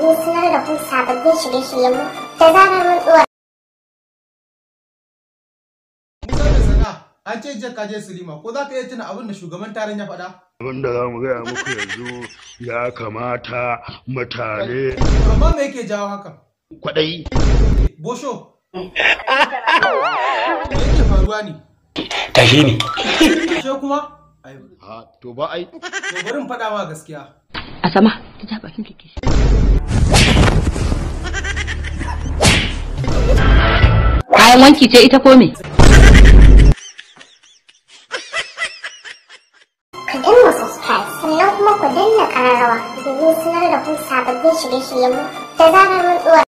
domin sanar da ku sababbin shirye-shiryenmu da zarar mun ɗora. an ce jiya kaje silima ko za ka iya tuna abin da shugaban taron ya faɗa? abin da za mu gaya muku yanzu ya kamata mutane. amma me yake jawo haka? kwaɗayi. bosho. me yake faruwa ne? tashi ne. tashe kuma? to ba ai. to bari mu faɗa ma gaskiya. a sama. ki wanki ce ita ko me ka dinga subscribe sannan kuma ku danna kararrawa domin sanar da ku sababbin shirye-shiryenmu da zarar